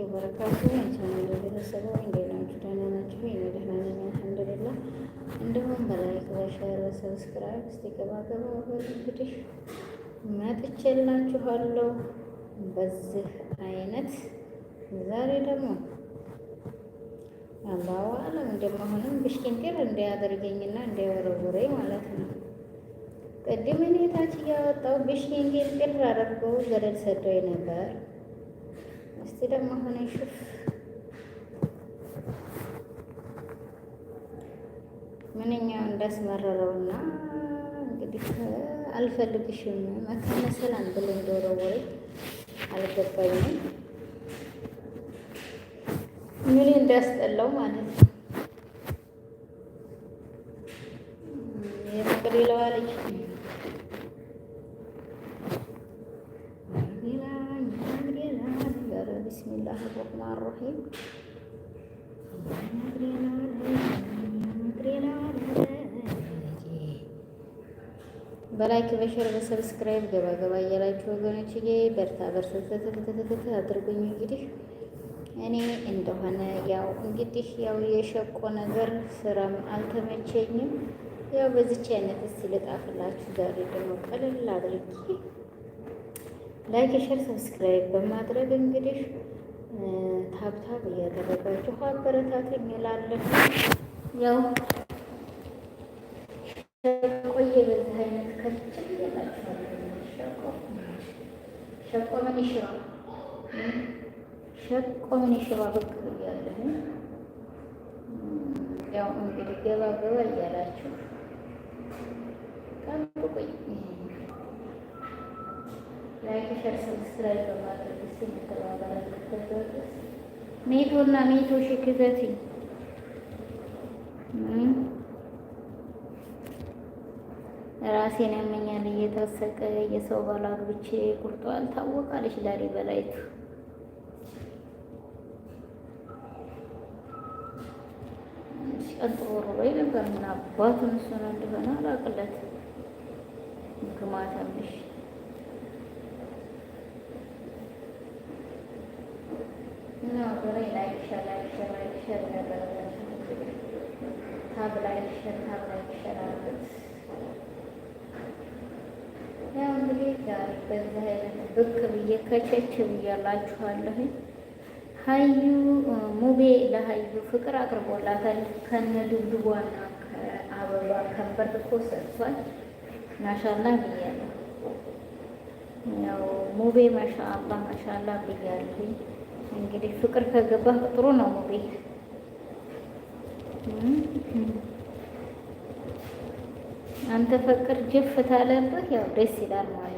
ወበረካቱ የቻናል ቤተሰቦች እንዴት ናችሁ? ደህና ናችሁ? እኔ ደህና ነኝ አልሐምዱሊላህ። እንዲሁም በላይክ በሸር ሰብስክራይብ እስቲ ገባገባ እንግዲህ መጥቼላችኋለሁ በዚህ አይነት ዛሬ ደግሞ አላሁ አለም እንደመሆንም ብሽኪንቅር እንዳያደርገኝና እንዳያወረውረኝ ማለት ነው። ቅድም እኔ ታች እያወጣሁ ብሽኪንቅር አደርገው ገደል ሰዶኝ ነበር። እስቲ ደግሞ አሁን ይሹፍ ምንኛው እንዳስመረረውና እንግዲህ አልፈልግሽም መካነ ሰላም ብሎ እንደወረወረ አልገባኝም። ምን እንዳስጠላው ማለት ነው የመቅደላዋ ልጅ ብስሚላህ ራህማን ራሂም በላይክ በሸር በሰብስክራይብ ገባ ገባ እያላችሁ ወገኖችዬ በርታ በርሰተተተተተተ አድርጉኝ። እንግዲህ እኔ እንደሆነ ያው እንግዲህ ያው የሸቆ ነገር ስራም አልተመቸኝም። ያው በዚች አይነት እስቲ ልጣፍላችሁ። ዛሬ ደግሞ ቀለል አድርጌ ላይክ ሸር ሰብስክራይብ በማድረግ እንግዲህ ታብታብ እያደረጋችሁ አበረታት እላለሁ። ያው ቆየ በዚህ አይነት ከች ሸቆ ምን ይሽራ ሸቆ ምን ይሽራ ብቅ ብያለሁ። ያው እንግዲህ ገባ ገባ እያላችሁ ጠብቁኝ። ላይክ ሸር ሰብስክራይብ በማድረግ ሜቶና ሜቶ ሺህ ክተት ራሴን ያመኛል እየተወሰቀ የሰው ባል አግብቼ ቁርጧ አልታወቃለች ላሊበላይቱ ቀጥሮ ወይ ነበር ምን አባቱን እሱን እንደሆነ አላቅለት ግማታምሽ ሀገሬ ላይክ ሸር ላይክ ሸር ላይክ ሸር ነበረበት። ታብ ላይክ ሸር ታብ ላይክ ሸር አድርጉት። ያው እንግዲህ ዛሬ በዚህ አይነት ብቅ ብዬ ከቸች ብያላችኋለሁኝ። ሀዩ ሙቤ ለሀዩ ፍቅር አቅርቦላታል ከነ ድብድቧና ከአበባ ከንበርክኮ ሰጥቷል። ማሻላ ብያለሁ። ያው ሙቤ ማሻአላ ማሻላ ብያለሁኝ። እንግዲህ ፍቅር ከገባህ ጥሩ ነው ሙቤ። አንተ ፍቅር ጀፍ ታለብህ ያው ደስ ይላል ማለት